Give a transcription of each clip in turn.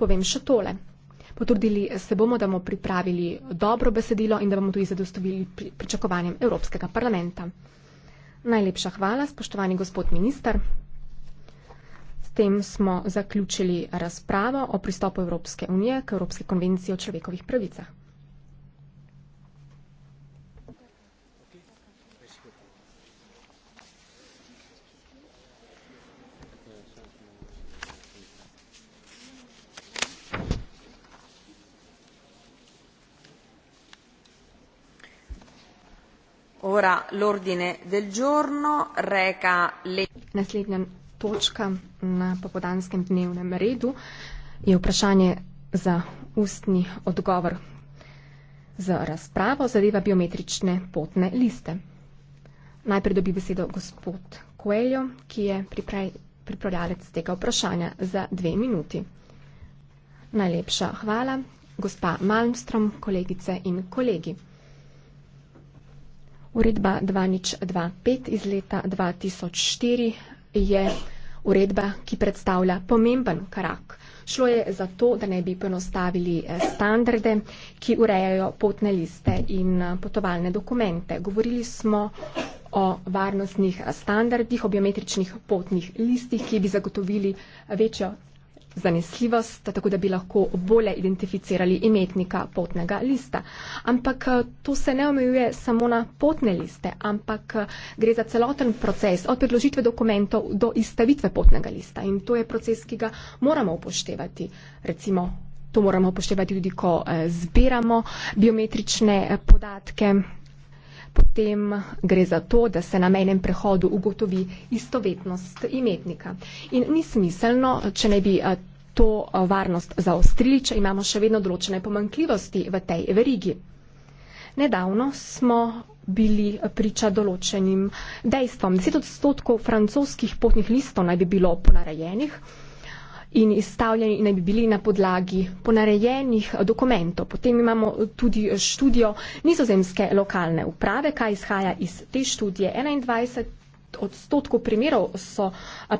Povem še tole. Potrudili se bomo, da bomo pripravili dobro besedilo in da bomo tudi zadostovili pričakovanjem Evropskega parlamenta. Najlepša hvala, spoštovani gospod minister. S tem smo zaključili razpravo o pristopu Evropske unije k Evropske konvenciji o človekovih pravicah. Ora l'ordine del giorno reca le... Naslednja točka na popodanskem dnevnem redu je vprašanje za ustni odgovor za razpravo zadeva biometrične potne liste. Najprej dobi besedo gospod Koeljo, ki je pripravljalec tega vprašanja za dve minuti. Najlepša hvala, gospa Malmstrom, kolegice in kolegi. Uredba 2025 iz leta 2004 je uredba, ki predstavlja pomemben korak. Šlo je za to, da ne bi ponostavili eh, standarde, ki urejajo potne liste in eh, potovalne dokumente. Govorili smo o varnostnih eh, standardih, o biometričnih potnih listih, ki bi zagotovili večjo zanesljivost, tako da bi lahko bolje identificirali imetnika potnega lista. Ampak eh, to se ne omejuje samo na potne liste, ampak eh, gre za celoten proces od predložitve dokumentov do izstavitve potnega lista. In to je proces, ki ga moramo upoštevati. Recimo, to moramo upoštevati tudi, ko eh, zbiramo biometrične podatke potem gre za to, da se na mejnem prehodu ugotovi istovetnost imetnika. In ni smiselno, če ne bi to varnost zaostrili, če imamo še vedno določene pomankljivosti v tej verigi. Nedavno smo bili priča določenim dejstvom. 10 odstotkov francoskih potnih listov naj bi bilo ponarejenih in izstavljeni naj bi bili na podlagi ponarejenih dokumentov. Potem imamo tudi študijo nizozemske lokalne uprave, kaj izhaja iz te študije 21 odstotkov primerov so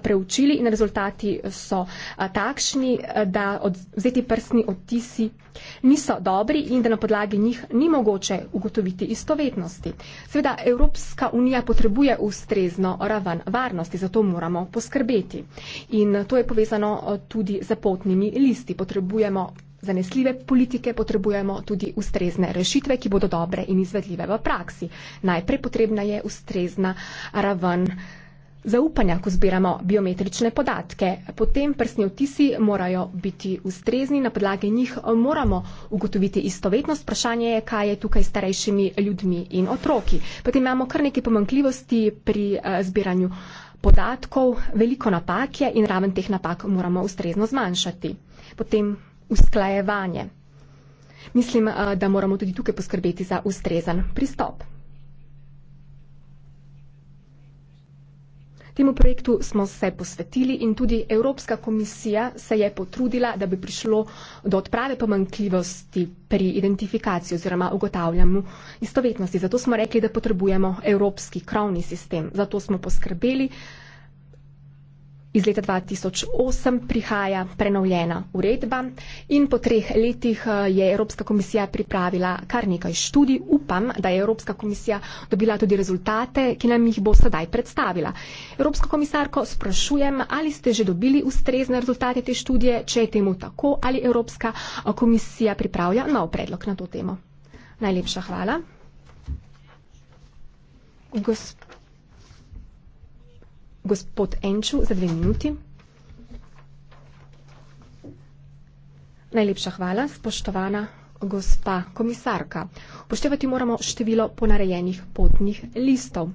preučili in rezultati so takšni, da vzeti prstni odtisi niso dobri in da na podlagi njih ni mogoče ugotoviti istovetnosti. Seveda Evropska unija potrebuje ustrezno raven varnosti, zato moramo poskrbeti. In to je povezano tudi z potnimi listi. Potrebujemo zanesljive politike potrebujemo tudi ustrezne rešitve, ki bodo dobre in izvedljive v praksi. Najprej potrebna je ustrezna raven zaupanja, ko zbiramo biometrične podatke. Potem prsni vtisi morajo biti ustrezni, na podlagi njih moramo ugotoviti istovetnost. Vprašanje je, kaj je tukaj s starejšimi ljudmi in otroki. Potem imamo kar nekaj pomankljivosti pri eh, zbiranju podatkov, veliko napak je in raven teh napak moramo ustrezno zmanjšati. Potem usklajevanje. Mislim, eh, da moramo tudi tukaj poskrbeti za ustrezan pristop. Temu projektu smo se posvetili in tudi Evropska komisija se je potrudila, da bi prišlo do odprave pomankljivosti pri identifikaciji oziroma ugotavljanju istovetnosti. Zato smo rekli, da potrebujemo evropski krovni sistem. Zato smo poskrbeli, Iz leta 2008 prihaja prenovljena uredba in po treh letih eh, je Evropska komisija pripravila kar nekaj študij. Upam, da je Evropska komisija dobila tudi rezultate, ki nam jih bo sedaj predstavila. Evropsko komisarko sprašujem, ali ste že dobili ustrezne rezultate te študije, če je temu tako, ali Evropska eh, komisija pripravlja nov predlog na to temo. Najlepša hvala. Gosp gospod Enču za dve minuti. Najlepša hvala, spoštovana gospa komisarka. Upoštevati moramo število ponarejenih potnih listov.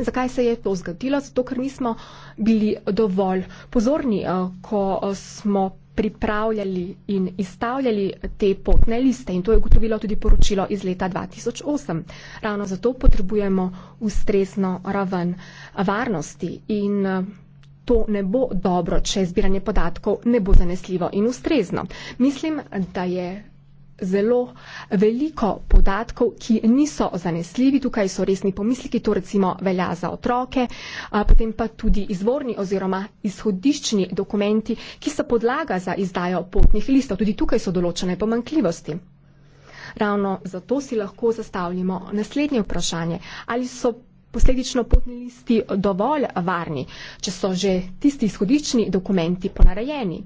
Zakaj se je to zgodilo? Zato, ker nismo bili dovolj pozorni, eh, ko smo pripravljali in izstavljali te potne liste in to je ugotovilo tudi poročilo iz leta 2008. Ravno zato potrebujemo ustrezno raven varnosti in eh, to ne bo dobro, če zbiranje podatkov ne bo zanesljivo in ustrezno. Mislim, da je zelo veliko podatkov, ki niso zanesljivi. Tukaj so resni pomisliki, to recimo velja za otroke, potem pa tudi izvorni oziroma izhodiščni dokumenti, ki so podlaga za izdajo potnih listov. Tudi tukaj so določene pomankljivosti. Ravno zato si lahko zastavljamo naslednje vprašanje. Ali so posledično potni listi dovolj varni, če so že tisti izhodični dokumenti ponarejeni?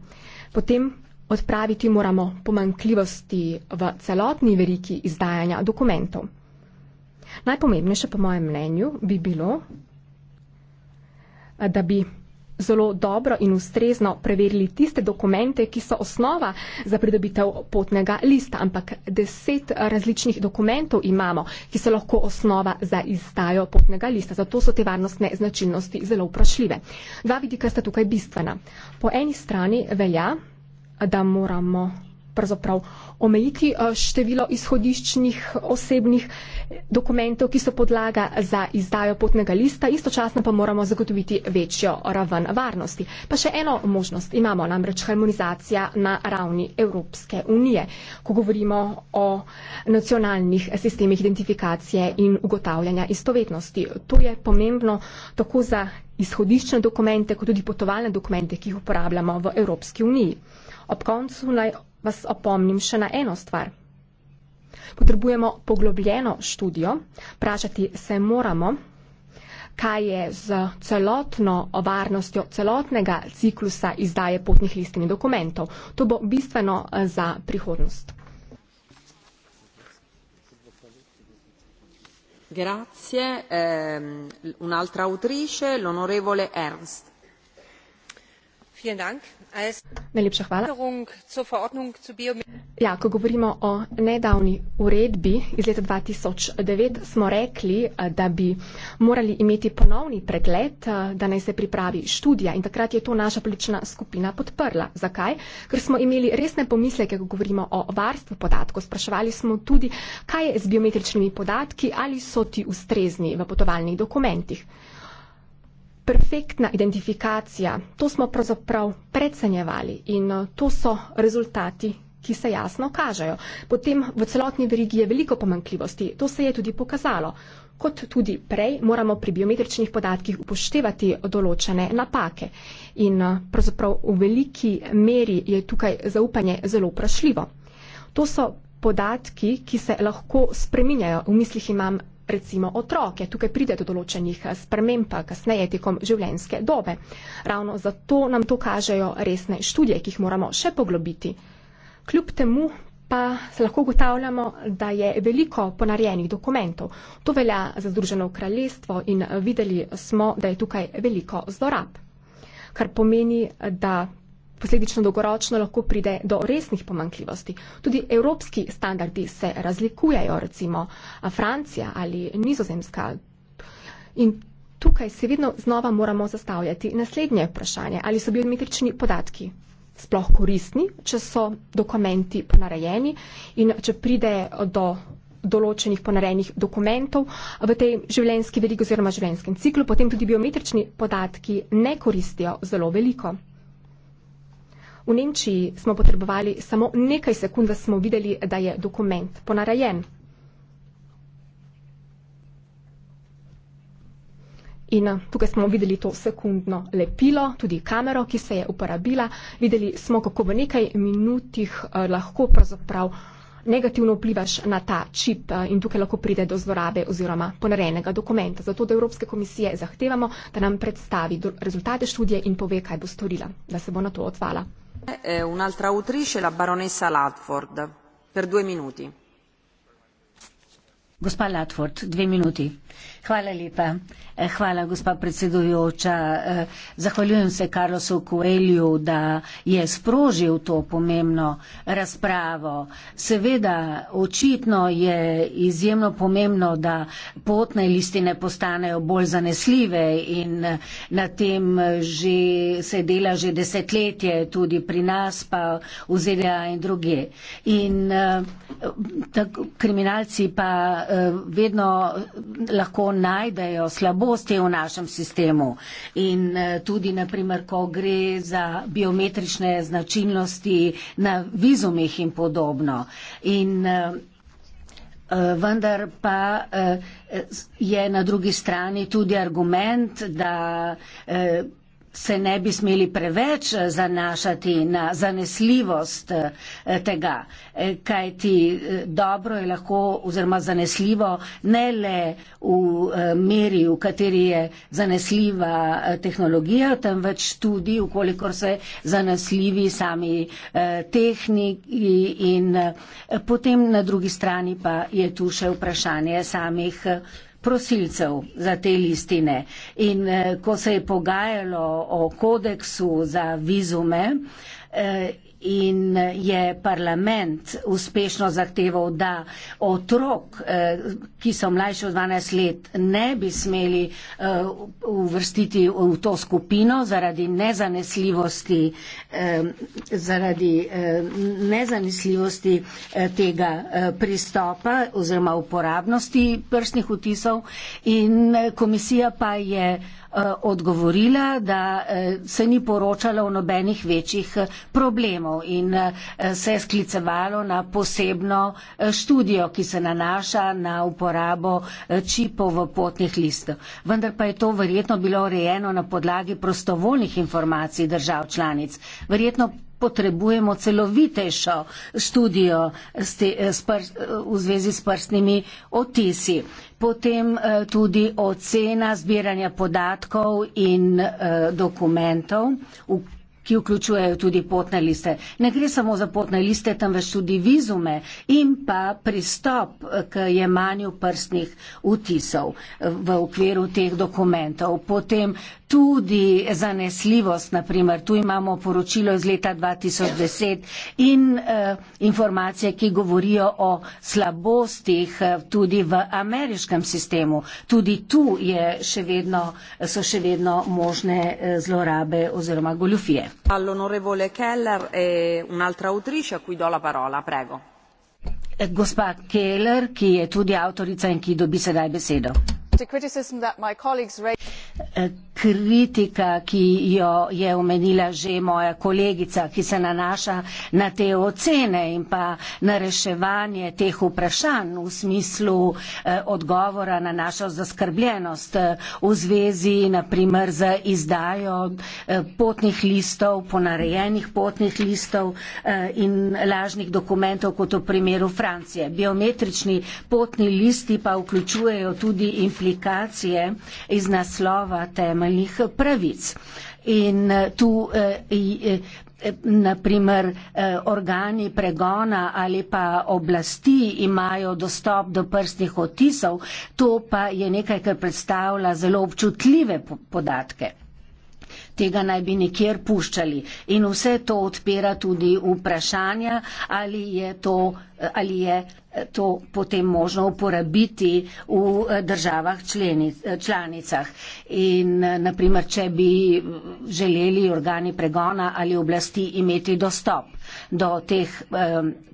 Potem Odpraviti moramo pomankljivosti v celotni veriki izdajanja dokumentov. Najpomembnejše, po mojem mnenju, bi bilo, da bi zelo dobro in ustrezno preverili tiste dokumente, ki so osnova za pridobitev potnega lista. Ampak deset različnih dokumentov imamo, ki so lahko osnova za izdajo potnega lista. Zato so te varnostne značilnosti zelo vprašljive. Dva vidika sta tukaj bistvena. Po eni strani velja, da moramo pravzaprav omejiti eh, število izhodiščnih osebnih dokumentov, ki so podlaga za izdajo potnega lista, istočasno pa moramo zagotoviti večjo raven varnosti. Pa še eno možnost imamo, namreč harmonizacija na ravni Evropske unije, ko govorimo o nacionalnih sistemih identifikacije in ugotavljanja istovetnosti. To je pomembno tako za izhodiščne dokumente, kot tudi potovalne dokumente, ki jih uporabljamo v Evropski uniji. Ob koncu naj vas opomnim še na eno stvar. Potrebujemo poglobljeno študijo, vprašati se moramo, kaj je z celotno varnostjo celotnega ciklusa izdaje potnih listin in dokumentov. To bo bistveno eh, za prihodnost. Grazie. Um, Un'altra autrice, l'onorevole Ernst. Vielen Dank. Najlepša hvala. Ja, ko govorimo o nedavni uredbi iz leta 2009, smo rekli, da bi morali imeti ponovni pregled, da naj se pripravi študija in takrat je to naša politična skupina podprla. Zakaj? Ker smo imeli resne pomisleke, ko govorimo o varstvu podatkov. Sprašvali smo tudi, kaj je z biometričnimi podatki, ali so ti ustrezni v potovalnih dokumentih perfektna identifikacija, to smo pravzaprav precenjevali in eh, to so rezultati, ki se jasno kažejo. Potem v celotni verigi je veliko pomankljivosti, to se je tudi pokazalo. Kot tudi prej, moramo pri biometričnih podatkih upoštevati določene napake. In eh, pravzaprav v veliki meri je tukaj zaupanje zelo vprašljivo. To so podatki, ki se lahko spreminjajo, v mislih imam recimo otroke. Tukaj pride do določenih eh, sprememb, eh, kasneje tekom življenjske dobe. Ravno zato nam to kažejo resne študije, ki jih moramo še poglobiti. Kljub temu pa se lahko ugotavljamo, da je veliko ponarjenih dokumentov. To velja za Združeno kraljestvo in eh, videli smo, da je tukaj veliko zlorab, kar pomeni, da posledično dolgoročno lahko pride do resnih pomankljivosti. Tudi evropski standardi se razlikujejo, recimo Francija ali Nizozemska. In tukaj se vedno znova moramo zastavljati naslednje vprašanje, ali so biometrični podatki sploh koristni, če so dokumenti ponarejeni in če pride do določenih ponarejenih dokumentov v tej življenjski verigi oziroma življenjskem ciklu, potem tudi biometrični podatki ne koristijo zelo veliko. V Nemčiji smo potrebovali samo nekaj sekund, da smo videli, da je dokument ponarejen. In eh, tukaj smo videli to sekundno lepilo, tudi kamero, ki se je uporabila. Videli smo, kako v nekaj minutih eh, lahko pravzaprav negativno vplivaš na ta čip eh, in tukaj lahko pride do zlorabe oziroma ponarejenega dokumenta. Zato od Evropske komisije zahtevamo, da nam predstavi rezultate študije in pove, kaj bo storila, da se bo na to odzvala un'altra autrice la baronessa Ludford per due minuti. Gospa Ludford, due minuti. Hvala lepa. E, hvala, gospa predsedujoča. E, zahvaljujem se Karlosu Kuelju, da je sprožil to pomembno razpravo. Seveda, očitno je izjemno pomembno, da potne listine postanejo bolj zanesljive in na tem že, se dela že desetletje, tudi pri nas, pa v ZDA in druge. In e, tako, kriminalci pa vedno lahko najdejo slabosti v našem sistemu. In eh, tudi, naprimer, ko gre za biometrične značilnosti na vizumih in podobno. In eh, eh, vendar pa je na drugi strani tudi argument, da se ne bi smeli preveč eh, zanašati na zanesljivost eh, tega, eh, kajti dobro je lahko oziroma zanesljivo ne le v meri, v kateri je zanesljiva tehnologija, temveč tudi, ukolikor se zanesljivi sami tehniki in potem na drugi strani pa je tu še vprašanje samih prosilcev za te listine. In eh, ko se je pogajalo o kodeksu za vizume, eh, in eh, je parlament uspešno zahteval, da otrok, eh, ki so mlajši od 12 let, ne bi smeli eh, uvrstiti v to skupino zaradi nezanesljivosti, zaradi nezanesljivosti tega pristopa oziroma uporabnosti prstnih vtisov in komisija pa je Eh, odgovorila, da eh, se ni poročalo o nobenih večjih eh, problemov in se je sklicevalo na posebno študijo, ki se nanaša na uporabo čipov v potnih listih. Vendar pa je to verjetno bilo urejeno na podlagi prostovoljnih informacij držav članic. Verjetno potrebujemo celovitejšo študijo v zvezi s prstnimi otisi potem eh, tudi ocena zbiranja podatkov in eh, dokumentov, ki vključujejo tudi potne liste. Ne gre samo za potne liste, temveč tudi vizume in pa pristop eh, k jemanju prstnih vtisov v okviru teh dokumentov. Potem tudi zanesljivost, naprimer tu imamo poročilo iz leta 2010 in uh, informacije, ki govorijo o slabostih uh, tudi v ameriškem sistemu. Tudi tu še vedno, so še vedno možne uh, zlorabe oziroma goljufije. All'onorevole Keller e un'altra autrice a cui do la parola, prego. Gospa Keller, ki je tudi avtorica in ki dobi sedaj besedo. Eh, kritika, ki jo je omenila že moja kolegica, ki se nanaša na te ocene in pa na reševanje teh vprašanj v smislu eh, odgovora na našo zaskrbljenost eh, v zvezi naprimer z izdajo potnih listov, ponarejenih potnih listov in lažnih dokumentov kot v primeru Francije. Biometrični potni listi pa vključujejo tudi implikacije publikacije iz naslova temeljnih pravic. In eh, tu eh, eh, naprimer organi pregona ali pa oblasti imajo dostop do prstnih otisov, to pa je nekaj, kar predstavlja zelo občutljive podatke. Tega naj bi nikjer puščali. In vse to odpira tudi vprašanja, ali je, to, ali je to potem možno uporabiti v eh, državah členic, eh, članicah. In eh, naprimer, če bi želeli organi pregona ali oblasti imeti dostop do teh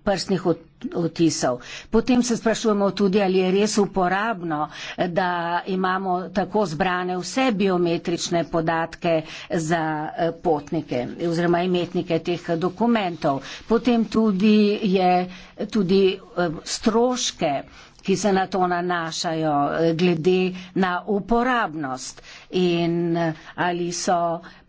prstnih odpornosti, odtisov. Potem se sprašujemo tudi, ali je res uporabno, da imamo tako zbrane vse biometrične podatke za eh, potnike oziroma imetnike teh dokumentov. Potem tudi je tudi eh, stroške ki se na to nanašajo, eh, glede na uporabnost in ali so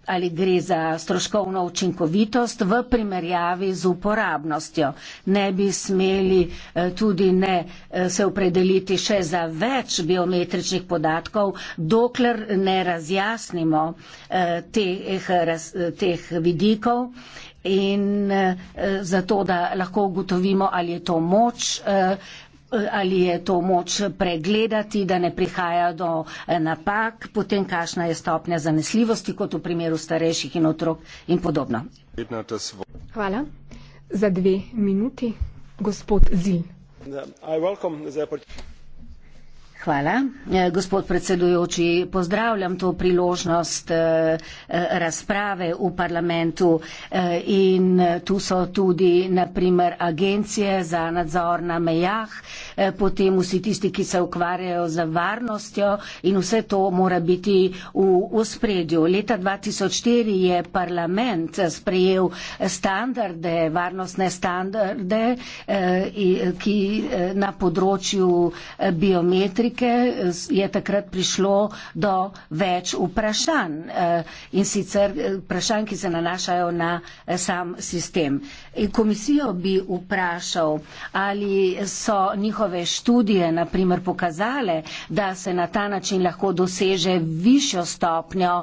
ali gre za stroškovno učinkovitost v primerjavi z uporabnostjo. Ne bi smeli eh, tudi ne eh, se opredeliti še za več biometričnih podatkov, dokler ne razjasnimo eh, teh, teh vidikov in zato, da lahko ugotovimo, ali je to moč ali je to moč pregledati, da ne prihaja do eh, napak, potem kakšna je stopnja zanesljivosti, kot v primeru starejših in otrok in podobno. Hvala. Za dve minuti, gospod Zil. Ja, Hvala. E, gospod predsedujoči, pozdravljam to priložnost e, e, razprave v parlamentu in tu so tudi naprimer agencije za nadzor na mejah, potem vsi tisti, ki se ukvarjajo z varnostjo in vse to mora biti v, v spredju. Leta 2004 je parlament sprejel standarde, varnostne standarde, ki na področju biometrike Amerike je takrat prišlo do več vprašanj eh, in sicer eh, vprašanj, ki se nanašajo na eh, sam sistem. Komisijo bi vprašal, ali so njihove študije naprimer pokazale, da se na ta način lahko doseže višjo stopnjo,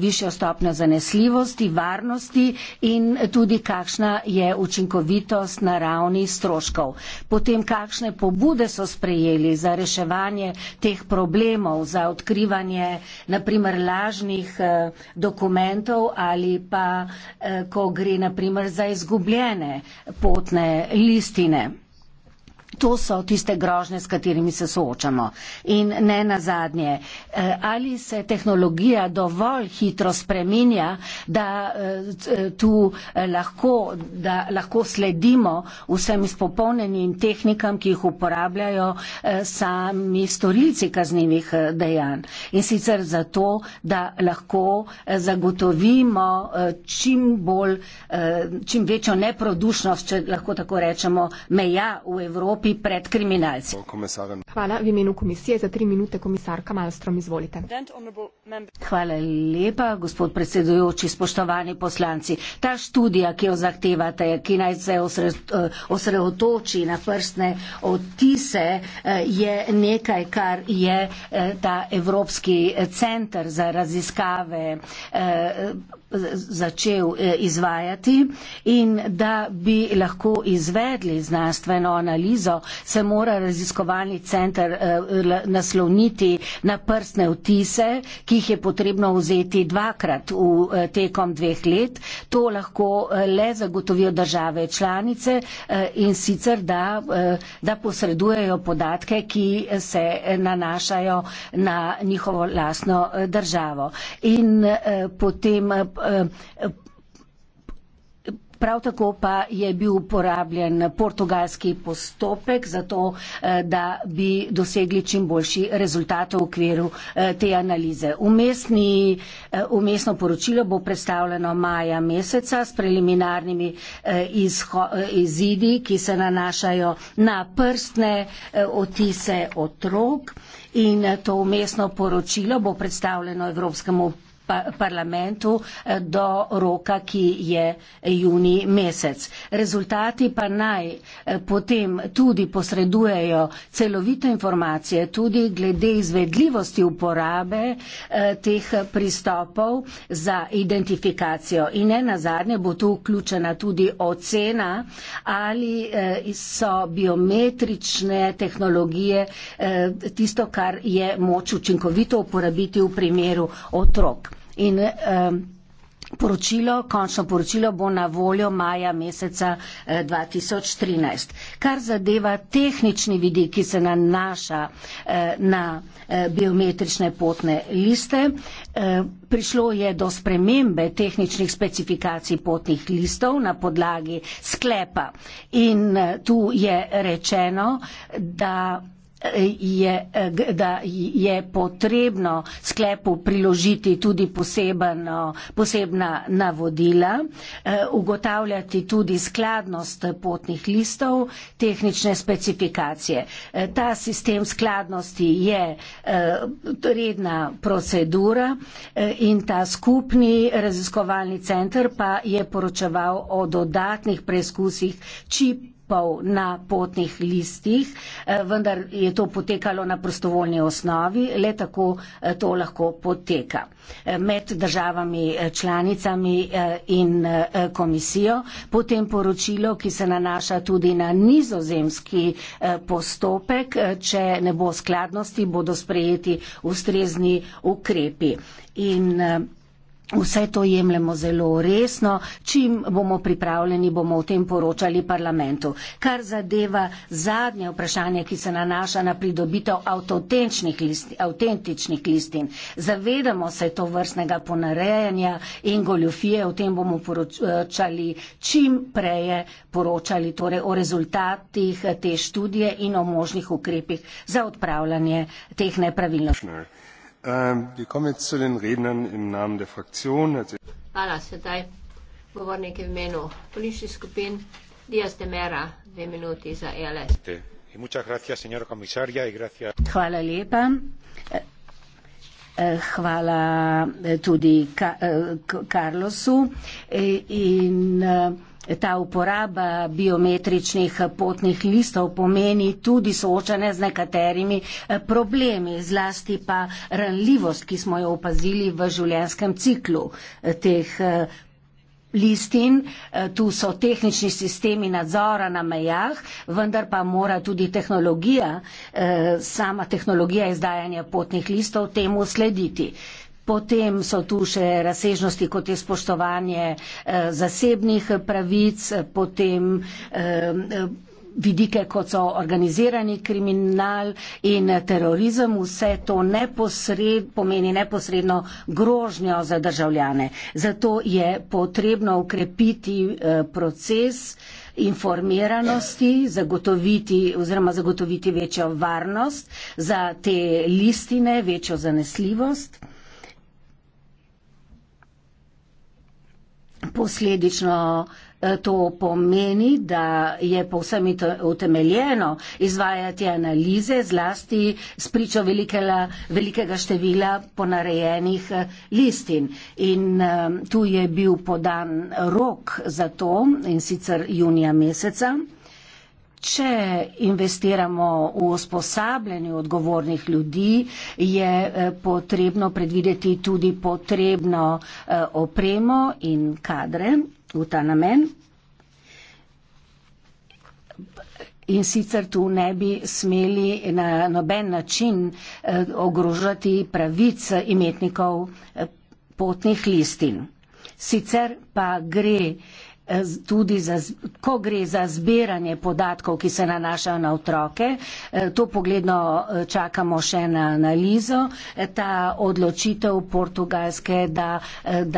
višjo stopnjo zanesljivosti, varnosti in tudi kakšna je učinkovitost na ravni stroškov. Potem kakšne pobude so sprejeli za reševanje teh problemov za odkrivanje naprimer lažnih eh, dokumentov ali pa eh, ko gre naprimer za izgubljene potne listine. To so tiste grožne, s katerimi se soočamo. In ne na zadnje, eh, ali se tehnologija dovolj hitro spreminja, da eh, tu eh, lahko, da lahko sledimo vsem izpopolnenim tehnikam, ki jih uporabljajo sami storilci kaznjivih dejanj. In sicer zato, da lahko zagotovimo čim, bolj, čim večjo neprodušnost, če lahko tako rečemo, meja v Evropi stopi pred kriminalce. Hvala v imenu komisije za tri minute, komisarka Malstrom, izvolite. Hvala lepa, gospod predsedujoči, spoštovani poslanci. Ta študija, ki jo zahtevate, ki naj se osredotoči na prstne otise, eh, je nekaj, kar je eh, ta Evropski center za raziskave eh, začel eh, izvajati in da bi lahko izvedli znanstveno analizo, se mora raziskovalni center eh, nasloniti na prstne vtise, ki jih je potrebno vzeti dvakrat v eh, tekom dveh let. To lahko le zagotovijo države članice in sicer, da, da posredujejo podatke, ki se nanašajo na njihovo lastno državo. In potem Prav tako pa je bil uporabljen portugalski postopek za to, eh, da bi dosegli čim boljši rezultat v okviru eh, te analize. Umestni, eh, umestno poročilo bo predstavljeno maja meseca s preliminarnimi izho, izidi, ki se nanašajo na prstne otise otrok in to umestno poročilo bo predstavljeno Evropskemu parlamentu eh, do roka, ki je juni mesec. Rezultati pa naj eh, potem tudi posredujejo celovite informacije, tudi glede izvedljivosti uporabe eh, teh pristopov za identifikacijo. In ne nazadnje bo tu vključena tudi ocena, ali so biometrične tehnologije tisto, kar je moč učinkovito uporabiti v primeru otrok in um, poročilo, končno poročilo bo na voljo maja meseca 2013. Eh, Kar zadeva tehnični vidik, ki se nanaša eh, na eh, biometrične potne liste, prišlo je do spremembe tehničnih specifikacij potnih listov na podlagi sklepa in tu je rečeno, da je, da je potrebno sklepu priložiti tudi posebno, posebna navodila, eh, ugotavljati tudi skladnost potnih listov, tehnične specifikacije. Eh, ta sistem skladnosti je eh, redna procedura in ta skupni raziskovalni center pa je poročeval o dodatnih preizkusih, čip pol na potnih listih, eh, vendar je to potekalo na prostovoljni osnovi, le tako eh, to lahko poteka. Eh, med državami članicami in komisijo potem poročilo, ki se nanaša tudi na nizozemski postopek, če ne bo skladnosti, bodo sprejeti ustrezni ukrepi. In, Vse to jemljemo zelo resno. Čim bomo pripravljeni, bomo o tem poročali parlamentu. Kar zadeva zadnje vprašanje, ki se nanaša na pridobitev avtentičnih listin. Zavedamo se to vrstnega ponarejanja in goljofije. O tem bomo poročali čim preje, poročali torej o rezultatih te študije in o možnih ukrepih za odpravljanje teh nepravilnosti. Ähm, hvala. Sedaj govornik v imenu političnih skupin. Díaz de Mera, dve minuti za ELS. Hvala lepa. Eh, eh, hvala eh, tudi Carlosu in Ta uporaba biometričnih potnih listov pomeni tudi soočanje z nekaterimi eh, problemi, zlasti pa ranljivost, ki smo jo opazili v življenjskem ciklu eh, teh eh, listin. Tu so tehnični sistemi nadzora na mejah, vendar pa mora tudi tehnologija, sama tehnologija izdajanja potnih listov temu slediti. Potem so tu še razsežnosti, kot je spoštovanje eh, zasebnih pravic, potem eh, vidike, kot so organizirani kriminal in terorizem, vse to neposred, pomeni neposredno grožnjo za državljane. Zato je potrebno ukrepiti eh, proces informiranosti, zagotoviti oziroma zagotoviti večjo varnost za te listine, večjo zanesljivost. posledično eh, to pomeni, da je povsem utemeljeno izvajati analize zlasti s pričo velikega, velikega števila ponarejenih eh, listin. In eh, tu je bil podan rok za to in sicer junija meseca. Če investiramo v usposabljanje odgovornih ljudi, je eh, potrebno predvideti tudi potrebno eh, opremo in kadre v ta namen. In sicer tu ne bi smeli na noben način eh, ogrožati pravic imetnikov potnih listin. Sicer pa gre Eh, tudi za, ko gre za zbiranje podatkov, ki se nanašajo na otroke. Eh, to pogledno eh, čakamo še na analizo. Ta odločitev portugalske, da,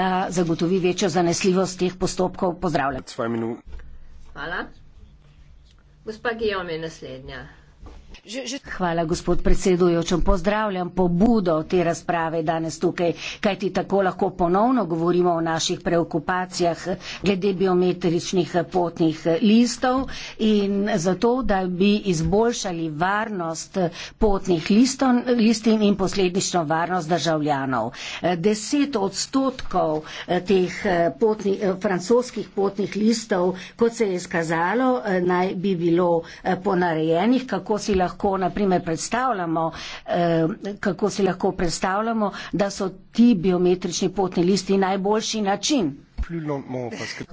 da zagotovi večjo zanesljivost teh postopkov, pozdravljam. Hvala. Gospa Gijom je naslednja. Hvala, gospod predsedujočem. Pozdravljam pobudo te razprave danes tukaj, kajti tako lahko ponovno govorimo o naših preokupacijah glede biometričnih potnih listov in zato, da bi izboljšali varnost potnih listin in posledično varnost državljanov. Deset odstotkov eh, teh eh, potni, eh, francoskih potnih listov, kot se je skazalo, naj bi bilo ponarejenih, kako si lahko lahko naprimer predstavljamo, eh, kako si lahko predstavljamo, da so ti biometrični potni listi najboljši način.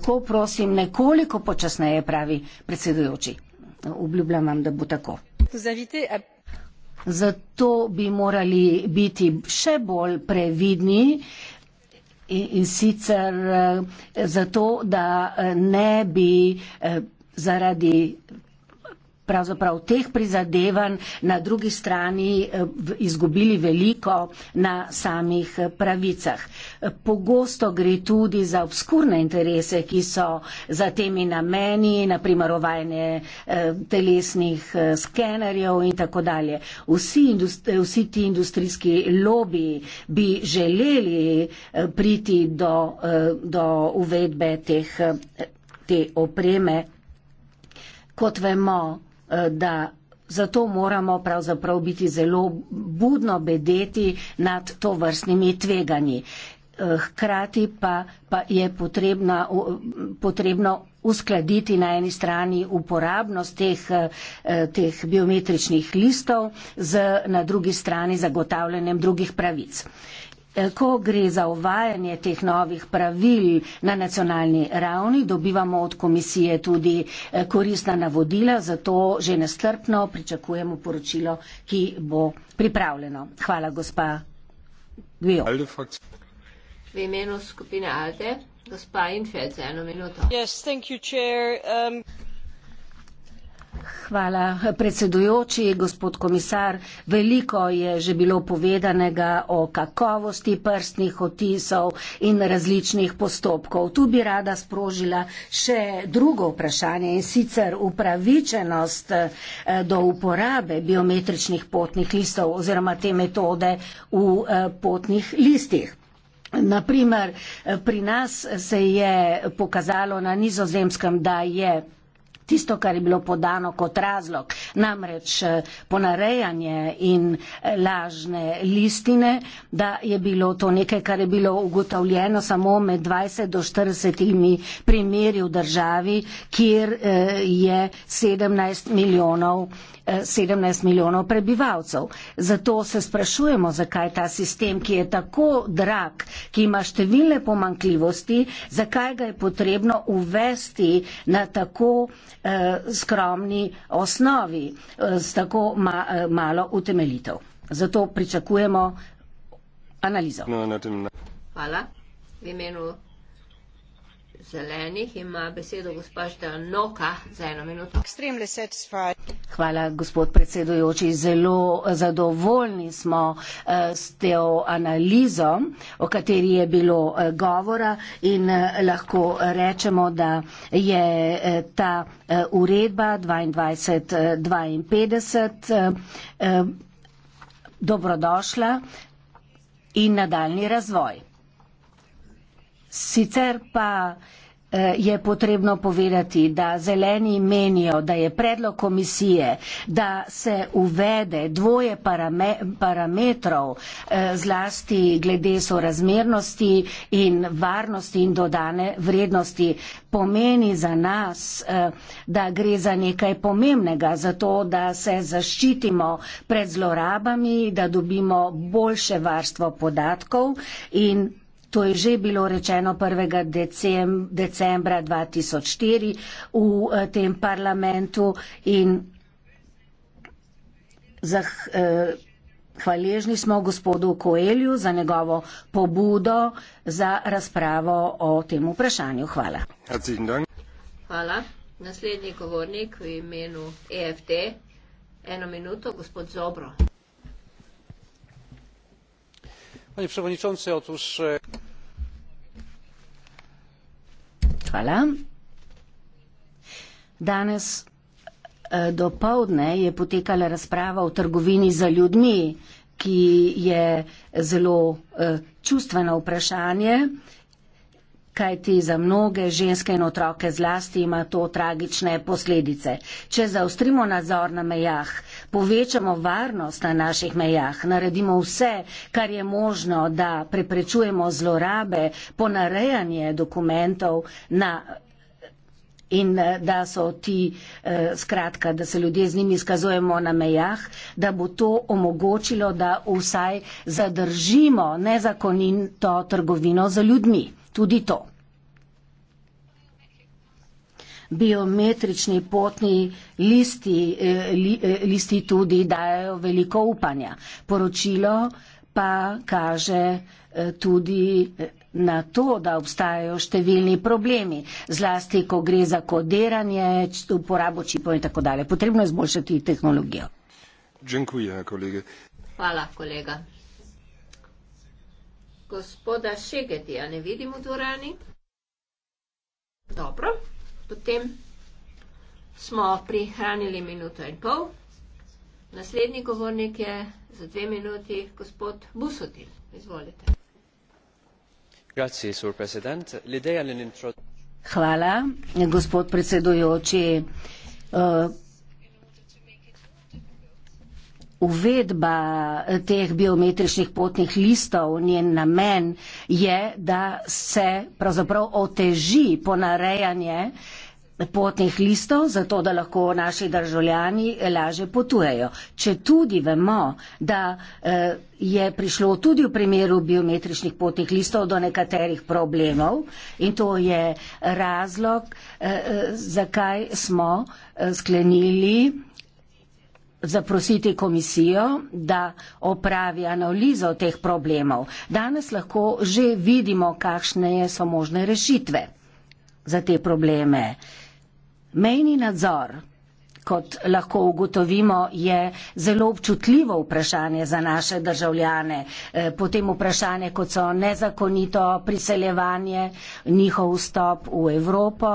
Ko prosim, nekoliko počasneje pravi predsedujoči. Obljubljam vam, da bo tako. Zato bi morali biti še bolj previdni in sicer eh, zato, da eh, ne bi zaradi pravzaprav teh prizadevanj na drugi strani eh, izgubili veliko na samih eh, pravicah. Eh, pogosto gre tudi za obskurne interese, ki so za temi nameni, naprimer ovajanje telesnih skenerjev in tako dalje. Vsi, vsi ti industrijski lobi bi želeli priti do, do uvedbe teh, te opreme. Kot vemo, Eh, da zato moramo pravzaprav biti zelo budno bedeti nad to vrstnimi tveganji. Eh, hkrati pa, pa je potrebna, potrebno uskladiti na eni strani uporabnost teh, eh, teh biometričnih listov z na drugi strani zagotavljanjem drugih pravic. Eh, ko gre za uvajanje teh novih pravil na nacionalni ravni, dobivamo od komisije tudi eh, koristna navodila, zato že nestrpno pričakujemo poročilo, ki bo pripravljeno. Hvala, gospa Gvijo. V imenu skupine Alde, gospa Infeld, za eno minuto. Yes, hvala, predsedujoči, gospod komisar. Veliko je že bilo povedanega o kakovosti prstnih otisov in različnih postopkov. Tu bi rada sprožila še drugo vprašanje in sicer upravičenost eh, do uporabe biometričnih potnih listov oziroma te metode v eh, potnih listih. Naprimer, eh, pri nas se je pokazalo na nizozemskem, da je tisto, kar je bilo podano kot razlog. Namreč eh, ponarejanje in eh, lažne listine, da je bilo to nekaj, kar je bilo ugotovljeno samo med 20 do 40 primeri v državi, kjer eh, je 17 milijonov 17 milijonov prebivalcev. Zato se sprašujemo, zakaj ta sistem, ki je tako drag, ki ima številne pomankljivosti, zakaj ga je potrebno uvesti na tako eh, skromni osnovi, eh, s tako ma, eh, malo utemelitev. Zato pričakujemo analizo. No, no, no. Hvala. V imenu zelenih ima besedo gospa Štanoka za eno minuto. Hvala, gospod predsedujoči. Zelo zadovoljni smo eh, s teo analizo, o kateri je bilo eh, govora in eh, lahko rečemo, da je ta uredba 22.52 dobrodošla in nadaljni razvoj. Sicer pa Eh, je potrebno povedati, da zeleni menijo, da je predlog komisije, da se uvede dvoje parame parametrov eh, zlasti glede sorazmernosti in varnosti in dodane vrednosti, pomeni za nas, eh, da gre za nekaj pomembnega, zato da se zaščitimo pred zlorabami, da dobimo boljše varstvo podatkov in To je že bilo rečeno 1. Decem, decembra 2004 v eh, tem parlamentu in zah, eh, hvaležni smo gospodu Koelju za njegovo pobudo za razpravo o tem vprašanju. Hvala. Hvala. Naslednji govornik v imenu EFT. Eno minuto, gospod Zobro panie przewodniczący otóż e, danes e, dopoldne je potekala razprava o trgovini za ljudmi ki je zelo e, čustveno vprašanje kajti za mnoge ženske in otroke zlasti ima to tragične posledice če zaostrimo nadzor na mejah povečamo varnost na naših mejah, naredimo vse, kar je možno, da preprečujemo zlorabe, ponarejanje dokumentov na in eh, da so ti, eh, skratka, da se ljudje z njimi izkazujemo na mejah, da bo to omogočilo, da vsaj zadržimo nezakonito trgovino za ljudmi. Tudi to biometrični potni listi, eh, eh, listi tudi dajo veliko upanja. Poročilo pa kaže eh, tudi na to, da obstajajo številni problemi, zlasti, ko gre za kodiranje, uporabo čipov in tako dalje. Potrebno je zboljšati tehnologijo. Dziękuję, kolega. Hvala, kolega. Gospoda Šegedija ne vidimo v dvorani. Dobro, Potem smo prihranili minuto in pol. Naslednji govornik je za dve minuti gospod Busotil. Izvolite. Hvala, gospod predsedujoči. Eh, uvedba teh biometričnih potnih listov, njen namen je, da se pravzaprav oteži ponarejanje uh, potnih listov, zato da lahko naši državljani laže potujejo. Če tudi vemo, da eh, je prišlo tudi v primeru biometričnih potnih listov do nekaterih problemov in to je razlog, eh, eh, zakaj smo sklenili zaprositi komisijo, da opravi analizo teh problemov. Danes lahko že vidimo, kakšne so možne rešitve za te probleme. Mejni nadzor, kot lahko ugotovimo, je zelo občutljivo vprašanje za naše državljane. E, potem vprašanje, kot so nezakonito priseljevanje, njihov vstop v Evropo,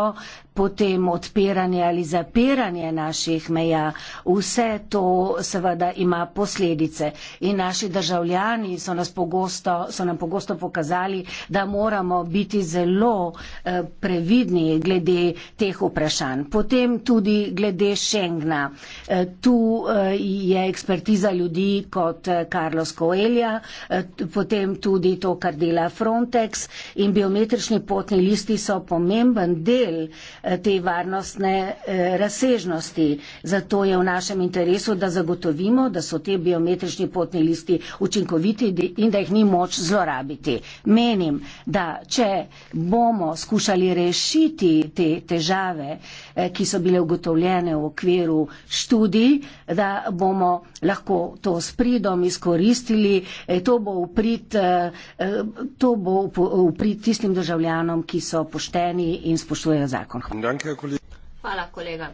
potem odpiranje ali zapiranje naših meja, vse to seveda ima posledice. In naši državljani so, pogosto, so nam pogosto pokazali, da moramo biti zelo eh, previdni glede teh vprašanj. Potem tudi glede Schengna. Eh, tu eh, je ekspertiza ljudi kot Carlos Coelja, potem tudi to, kar dela Frontex in biometrični potni listi so pomemben del te varnostne eh, razsežnosti. Zato je v našem interesu, da zagotovimo, da so te biometrični potni listi učinkoviti in da jih ni moč zlorabiti. Menim, da če bomo skušali rešiti te težave, eh, ki so bile ugotovljene v okviru študij, da bomo lahko to s pridom izkoristili, eh, to bo uprit, to bo uprit tistim državljanom, ki so pošteni in spoštujejo zakon. Hvala. Hvala, kolega.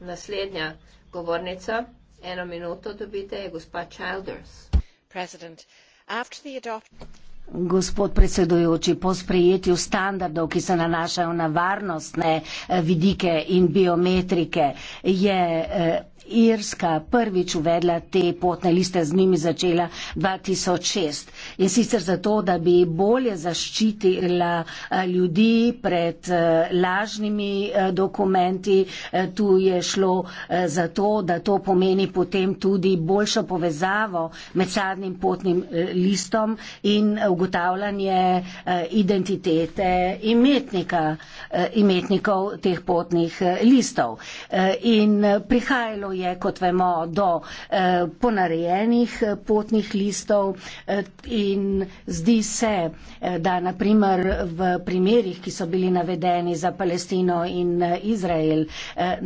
Naslednja govornica, eno minuto dobite, je gospa Childers. Gospod predsedujoči, po sprejetju standardov, ki se nanašajo na varnostne eh, vidike in biometrike, je eh, Irska prvič uvedla te potne liste, z njimi začela 2006. In sicer zato, da bi bolje zaščitila eh, ljudi pred eh, lažnimi eh, dokumenti. Tu je šlo zato, da to pomeni potem tudi boljšo povezavo med sadnim potnim listom in ugotavljanje identitete imetnika, imetnikov teh potnih listov. In prihajalo je je, kot vemo, do eh, ponarejenih eh, potnih listov eh, in zdi se, da naprimer v primerjih, ki so bili navedeni za Palestino in Izrael,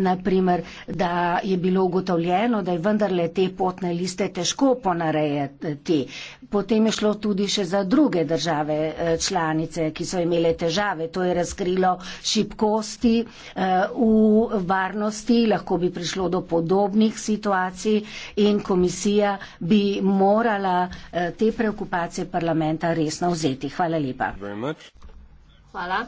naprimer, da je bilo ugotovljeno, da je vendarle te potne liste težko ponarejati potem je šlo tudi še za druge države eh, članice, ki so imele težave. To je razkrilo šibkosti eh, v varnosti, lahko bi prišlo do podobnih situacij in komisija bi morala eh, te preokupacije parlamenta resno vzeti. Hvala lepa. Hvala.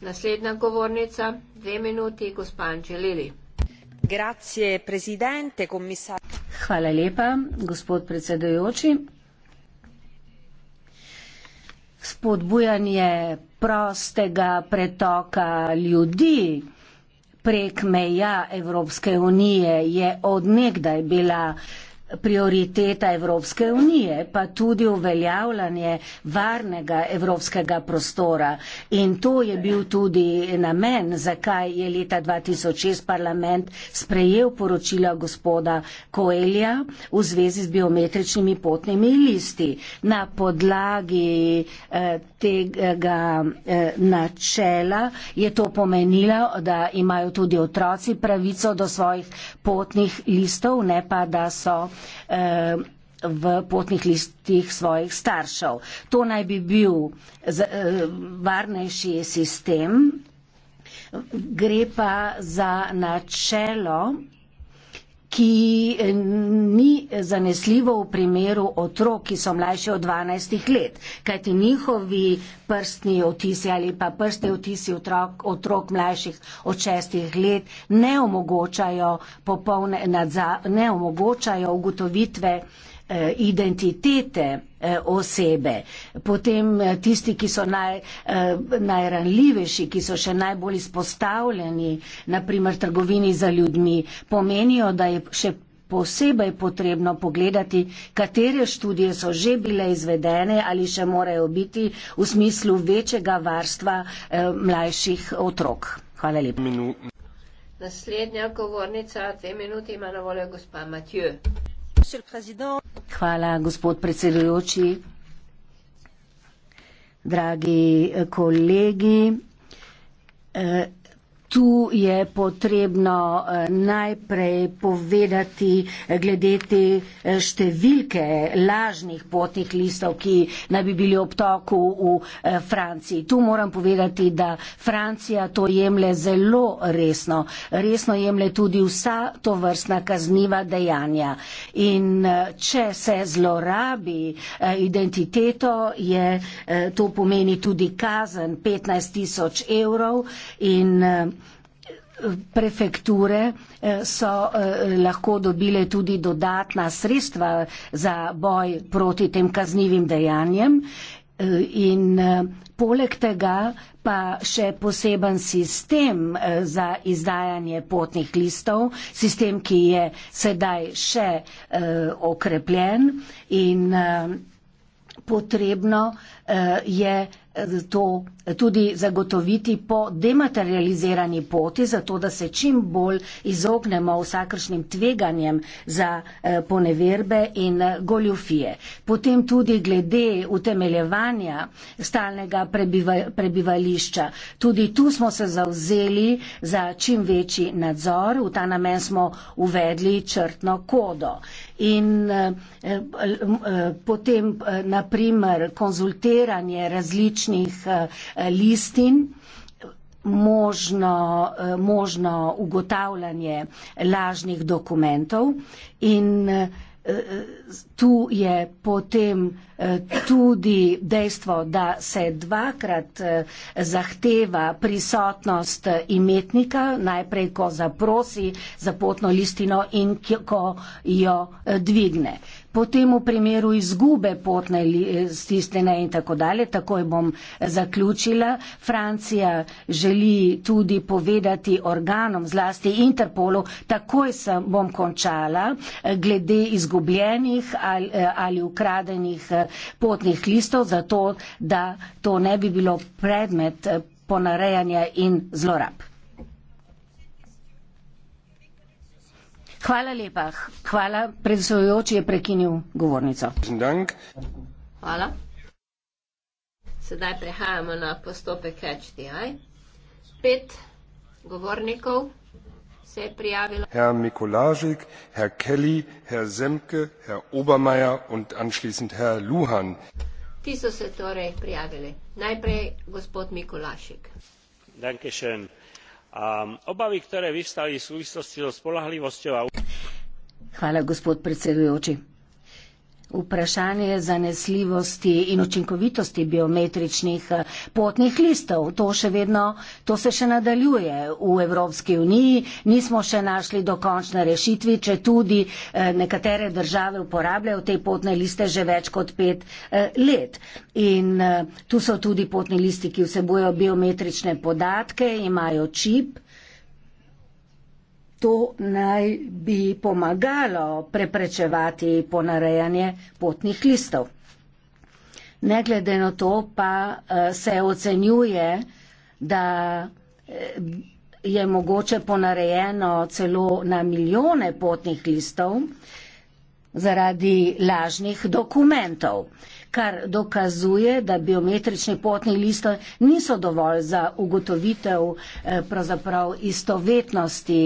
Naslednja govornica, dve minuti, gospod Anželili. Spodbujanje prostega pretoka ljudi prek meja Evropske unije je odnegdaj bila prioriteta Evropske unije, pa tudi uveljavljanje varnega evropskega prostora. In to je bil tudi namen, zakaj je leta 2006 parlament sprejel poročila gospoda Koelja v zvezi z biometričnimi potnimi listi. Na podlagi eh, tega eh, načela je to pomenilo, da imajo tudi otroci pravico do svojih potnih listov, ne pa da so Eh, v potnih listih svojih staršev. To naj bi bil eh, varnejši sistem, gre pa za načelo ki eh, ni zanesljivo v primeru otrok, ki so mlajše od 12 let, kajti njihovi prstni otisi ali pa prste otisi otrok, otrok mlajših od 6 let ne omogočajo, popolne, nadza, ne omogočajo ugotovitve uh, Eh, identitete eh, osebe, potem eh, tisti, ki so naj, najranljivejši, ki so še najbolj izpostavljeni, naprimer trgovini za ljudmi, pomenijo, da je še posebej potrebno pogledati, katere študije so že bile izvedene ali še morajo biti v smislu večjega varstva mlajših otrok. Hvala lepa. Naslednja govornica, dve minuti ima na voljo gospa Matjo. Hvala, gospod predsedujoči. Dragi eh, kolegi, eh, Tu je potrebno eh, najprej povedati eh, glede te eh, številke lažnih potnih listov, ki naj bi bili obtoku v Franciji. Tu moram povedati, da Francija to jemlje zelo resno. Resno jemlje tudi vsa to vrstna kazniva dejanja. In če se zlorabi identiteto, je, to pomeni tudi kazen 15 tisoč evrov. In, prefekture eh, so eh, lahko dobile tudi dodatna sredstva za boj proti tem kaznivim dejanjem. Eh, in poleg tega pa še poseben sistem za izdajanje potnih listov, sistem, ki je sedaj še okrepljen in potrebno Eh, je eh, to tudi zagotoviti po dematerializirani poti, zato da se čim bolj izognemo vsakršnim tveganjem za eh, poneverbe in goljufije. Potem tudi glede utemeljevanja stalnega prebivališča. Tudi tu smo se zauzeli za čim večji nadzor, v ta namen smo uvedli črtno kodo. In potem, naprimer, konzultirali zbiranje različnih eh, listin, možno, eh, možno ugotavljanje lažnih dokumentov in eh, tu je potem tudi dejstvo, da se dvakrat zahteva prisotnost imetnika, najprej ko zaprosi za potno listino in ko jo dvigne potem v primeru izgube potne eh, stistene in tako dalje. Takoj bom zaključila. Francija želi tudi povedati organom zlasti Interpolu, takoj sem bom končala, eh, glede izgubljenih ali, eh, ali ukradenih potnih listov, zato da to ne bi bilo predmet ponarejanja in zlorab. Hvala lepa. Hvala, predsedujoči je prekinil govornico. Hvala. Sedaj prehajamo na postopek HDI. Pet govornikov se je prijavilo. Herr Mikolažik, herr Kelly, herr Zemke, herr Obermeier und anschließend herr Luhan. Ti so se torej prijavili. Najprej gospod Mikolašik. Danke schön. Um, obavy ktoré vyvstali v súvislosti so spoľahlivosťou a Vprašanje zanesljivosti in učinkovitosti biometričnih eh, potnih listov, to, vedno, to se še nadaljuje v Evropski uniji, nismo še našli dokončne rešitvi, če tudi eh, nekatere države uporabljajo te potne liste že več kot pet eh, let. In tu so tudi potni listi, ki vsebujejo biometrične podatke, imajo čip. To naj bi pomagalo preprečevati ponarejanje potnih listov. Ne glede na to pa eh, se ocenjuje, da eh, je mogoče ponarejeno celo na milijone potnih listov, zaradi lažnih dokumentov, kar dokazuje, da biometrični potni listi niso dovolj za ugotovitev eh, pravzaprav istovetnosti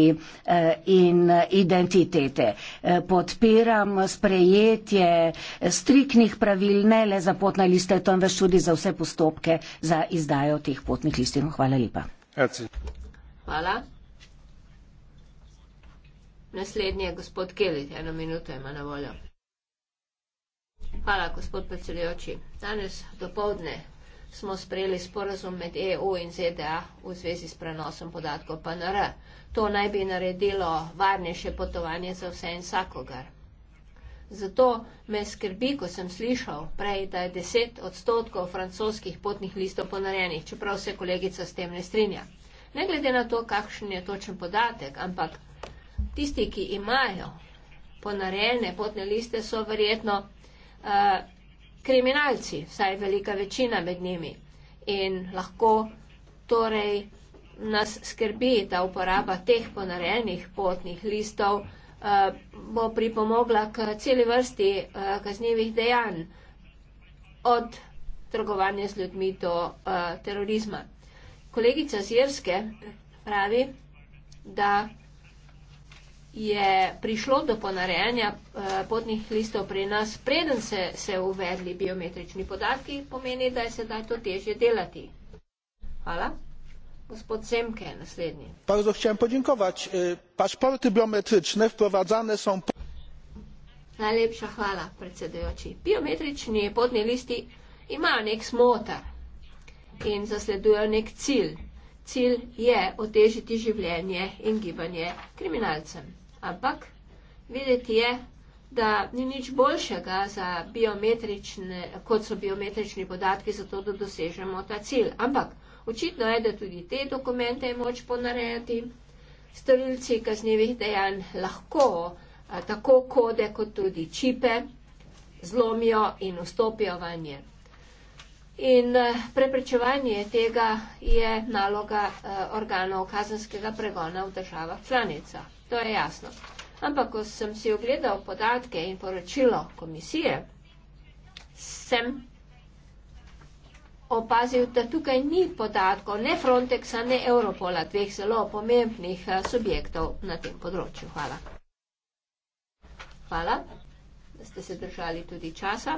eh, in identitete. Eh, podpiram sprejetje striknih pravil ne le za potne liste, temveč tudi za vse postopke za izdajo teh potnih listin. Hvala lepa. Hvala. Naslednji je gospod Kelit, eno minuto ima na voljo. Hvala, gospod predsedujoči. Danes do povdne smo sprejeli sporazum med EU in ZDA v zvezi s prenosom podatkov PNR. To naj bi naredilo varnejše potovanje za vse in vsakogar. Zato me skrbi, ko sem slišal prej, da je 10 odstotkov francoskih potnih listov ponarejenih, čeprav se kolegica s tem ne strinja. Ne glede na to, kakšen je točen podatek, ampak Tisti, ki imajo ponarejene potne liste, so verjetno uh, kriminalci, vsaj velika večina med njimi. In lahko torej nas skrbi, da uporaba teh ponarejenih potnih listov uh, bo pripomogla k celi vrsti uh, eh, kaznjivih dejanj, od trgovanja z ljudmi do uh, terorizma. Kolegica z Jerske pravi, da je prišlo do ponarejanja eh, potnih listov pri nas, preden se je uvedli biometrični podatki, pomeni, da je sedaj to težje delati. Hvala. Gospod Semke, naslednji. Bardzo chciałem podziękować. E, paszporty biometryczne wprowadzane są. Najlepša hvala, predsedujoči. Biometrični potni listi imajo nek smotar in zasledujejo nek cilj. Cilj je otežiti življenje in gibanje kriminalcem ampak videti je, da ni nič boljšega kot so biometrični podatki za to, da dosežemo ta cilj. Ampak očitno je, da tudi te dokumente je moč ponarejati. Storilci kaznjevih dejanj lahko tako kode kot tudi čipe zlomijo in vstopijo vanje. In preprečevanje tega je naloga organov kazenskega pregona v državah članicah. To je jasno. Ampak, ko sem si ogledal podatke in poročilo komisije, sem opazil, da tukaj ni podatkov ne Frontexa, ne Europola, dveh zelo pomembnih eh, subjektov na tem področju. Hvala. Hvala, da ste se držali tudi časa.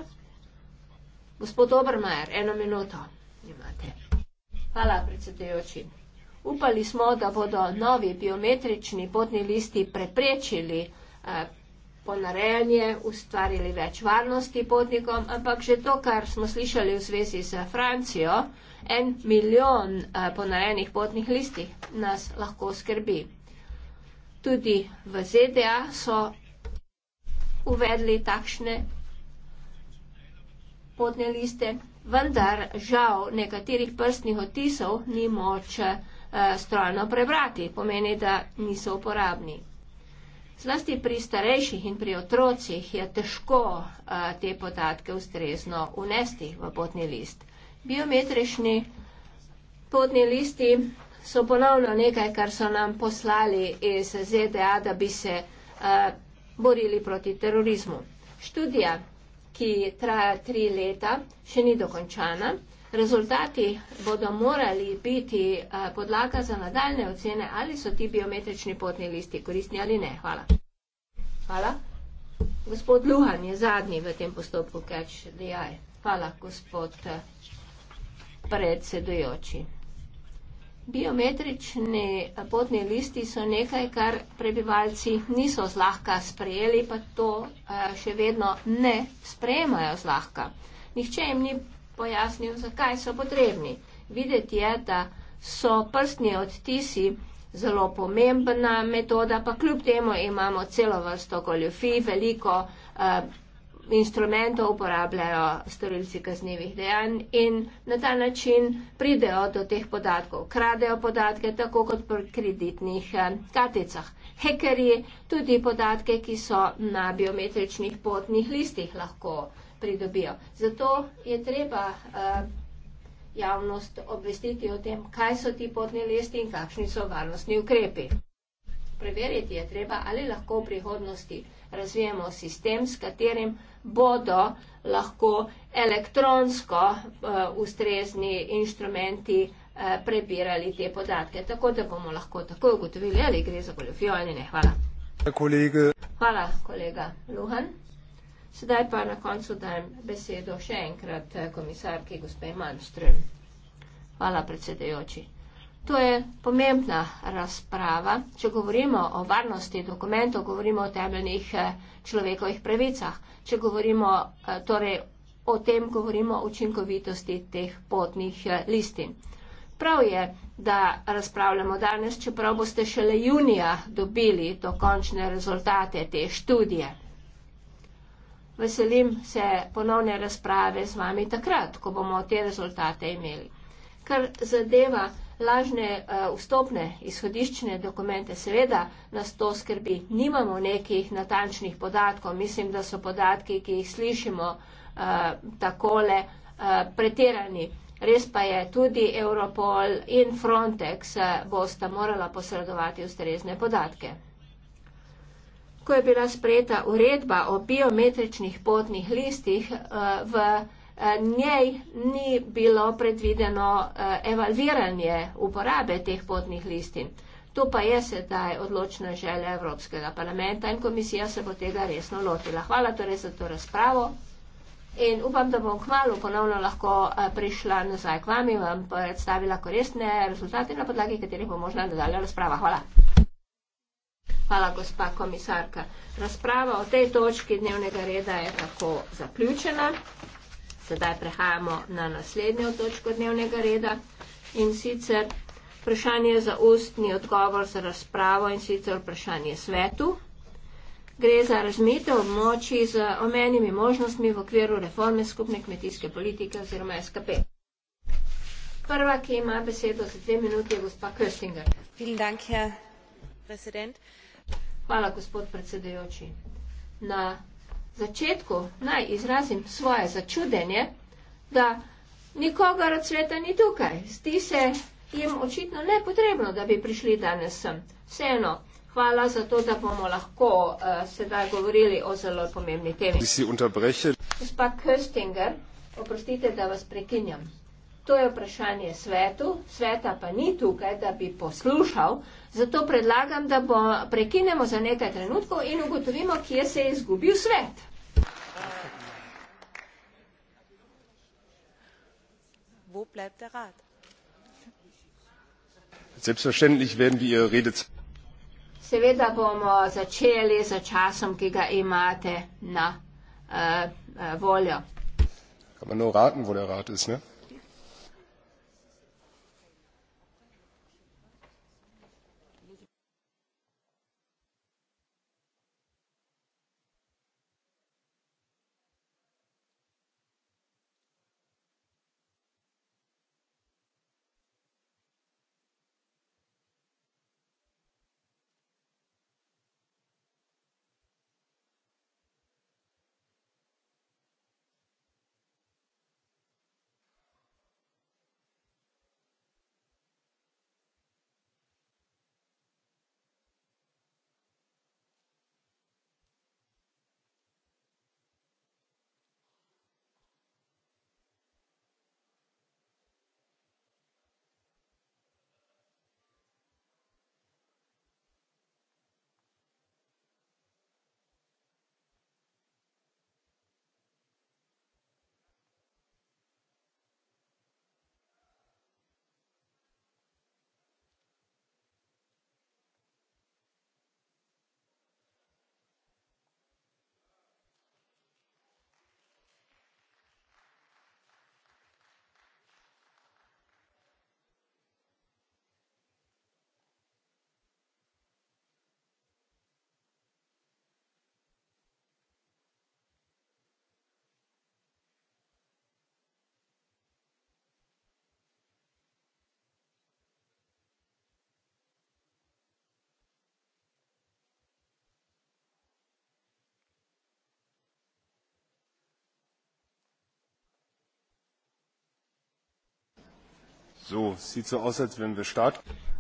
Gospod Obermajer, eno minuto imate. Hvala, predsedujoči. Upali smo, da bodo novi biometrični potni listi preprečili eh, ponarejanje, ustvarili več varnosti potnikom, ampak že to, kar smo slišali v zvezi s Francijo, en milijon eh, ponarejenih potnih listih nas lahko skrbi. Tudi v ZDA so uvedli takšne potne liste, vendar žal nekaterih prstnih otisov ni moče. Eh, Eh, strojno prebrati, pomeni, da niso uporabni. Zlasti pri starejših in pri otrocih je težko a, eh, te podatke ustrezno unesti v potni list. Biometrični potni listi so ponovno nekaj, kar so nam poslali iz ZDA, da bi se a, eh, borili proti terorizmu. Študija, ki traja tri leta, še ni dokončana. Rezultati bodo morali biti podlaga za nadaljne ocene, ali so ti biometrični potni listi koristni ali ne. Hvala. Hvala. Gospod Luhan je zadnji v tem postopku, kajč dejaj. Hvala, gospod predsedujoči. Biometrični potni listi so nekaj, kar prebivalci niso zlahka sprejeli, pa to še vedno ne sprejemajo zlahka. Nihče jim ni pojasnil, zakaj so potrebni. Videti je, da so prstni odtisi zelo pomembna metoda, pa kljub temu imamo celo vrsto goljofij, veliko uh, instrumentov uporabljajo storilci kaznjivih dejanj in na ta način pridejo do teh podatkov. Kradejo podatke tako kot pri kreditnih eh, karticah. Hekeri tudi podatke, ki so na biometričnih potnih listih lahko uh, pridobijo. Zato je treba uh, javnost obvestiti o tem, kaj so ti potni listi in kakšni so varnostni ukrepi. Preveriti je treba, ali lahko v prihodnosti razvijemo sistem, s katerim bodo lahko elektronsko uh, ustrezni inštrumenti uh, eh, prebirali te podatke, tako da bomo lahko takoj ugotovili, ali gre za goljofijo ali ne. Hvala. Kolega. Hvala, kolega Luhan. Sedaj pa na koncu dajem besedo še enkrat eh, komisarki gospe Manström. Hvala, predsedejoči. To je pomembna razprava. Če govorimo o varnosti dokumentov, govorimo o temeljnih eh, človekovih pravicah. Če govorimo, eh, torej o tem govorimo o učinkovitosti teh potnih listin. Prav je, da razpravljamo danes, čeprav boste šele junija dobili dokončne rezultate te študije veselim se ponovne razprave z vami takrat, ko bomo te rezultate imeli. Kar zadeva lažne eh, vstopne izhodiščne dokumente, seveda nas to skrbi. Nimamo nekih natančnih podatkov, mislim, da so podatki, ki jih slišimo eh, takole, eh, pretirani. Res pa je, tudi Europol in Frontex bosta morala posredovati ustrezne podatke ko je bila sprejeta uredba o biometričnih potnih listih, eh, v eh, njej ni bilo predvideno eh, evalviranje uporabe teh potnih listin. To pa je sedaj odločna želja Evropskega parlamenta in komisija se bo tega resno lotila. Hvala torej za to razpravo. In upam, da bom kmalo ponovno lahko prišla nazaj k vam in vam predstavila koristne rezultate, na podlagi katerih bo možna nadaljna razprava. Hvala. Hvala, gospa komisarka. Razprava o tej točki dnevnega reda je tako zaključena. Sedaj prehajamo na naslednjo točko dnevnega reda in sicer vprašanje za ustni odgovor za razpravo in sicer vprašanje svetu. Gre za razmitev moči z omenjimi možnostmi v okviru reforme skupne kmetijske politike oziroma SKP. Prva, ki ima besedo za dve minuti, je gospa Köstinger. Vielen Dank, Herr Hvala, gospod predsedujoči. Na začetku naj izrazim svoje začudenje, da nikogar od sveta ni tukaj. Zdi se jim očitno nepotrebno, da bi prišli danes sem. Vseeno, hvala za to, da bomo lahko uh, sedaj govorili o zelo pomembni temi. Gospa Köstinger, oprostite, da vas prekinjam. To je vprašanje svetu, sveta pa ni tukaj, da bi poslušal. Zato predlagam, da bo, prekinemo za nekaj trenutkov in ugotovimo, kje se je izgubil svet. Seveda bomo začeli za časom, ki ga imate na uh, voljo. Kan man nur raten, wo der Rat ist, ne?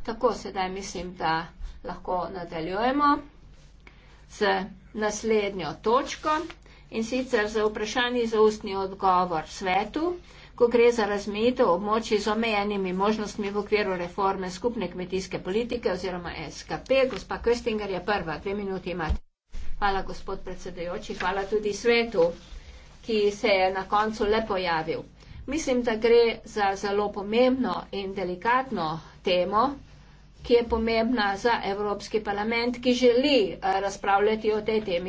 Tako sedaj mislim, da lahko nadaljujemo z naslednjo točko in sicer za vprašanje za ustni odgovor svetu, ko gre za razmejitev območij z omejenimi možnostmi v okviru reforme skupne kmetijske politike oziroma SKP. Gospa Köstinger je prva, dve minuti imate. Hvala, gospod predsedajoči, hvala tudi svetu, ki se je na koncu le pojavil. Mislim, da gre za zelo pomembno in delikatno temo, ki je pomembna za Evropski parlament, ki želi eh, razpravljati o tej temi